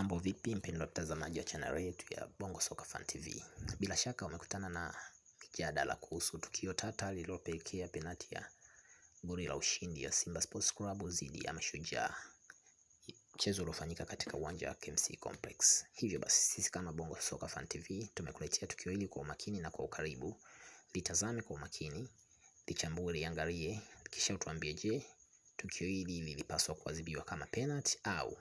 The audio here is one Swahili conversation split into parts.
Mambo vipi mpendwa mtazamaji wa chaneli yetu ya Bongo Soka Fan TV. Bila shaka umekutana na mijadala kuhusu tukio tata lililopelekea penati ya goli la ushindi ya Simba Sports Club dhidi ya Mashujaa, mchezo uliofanyika katika uwanja wa KMC Complex. Hivyo basi sisi kama Bongo Soka Fan TV tumekuletea tukio hili kwa umakini na kwa ukaribu. Litazame kwa umakini, lichambue, liangalie, kisha utuambie, je, tukio hili lilipaswa kuadhibiwa kama penati au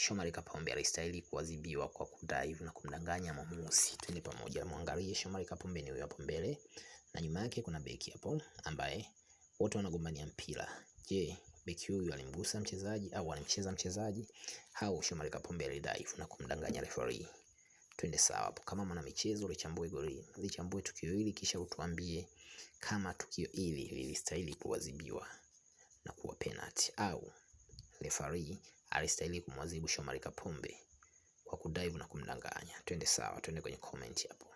Shomari Kapombe alistahili kuadhibiwa kwa kudhaifu na kumdanganya mwamuzi. Twende pamoja, muangalie Shomari Kapombe ni huyo hapo mbele, na nyuma yake kuna beki hapo ambaye wote wanagombania mpira. Je, beki huyu alimgusa mchezaji au alimcheza mchezaji au Shomari Kapombe alidhaifu na kumdanganya referee? Twende sawa hapo. Kama mwana michezo, ulichambue goli, ulichambue tukio hili, kisha utuambie kama tukio hili lilistahili kuadhibiwa na kuwa penalty au refari alistahili kumwadhibu Shomari Kapombe kwa kudaivu na kumdanganya. Twende sawa, twende kwenye comment hapo.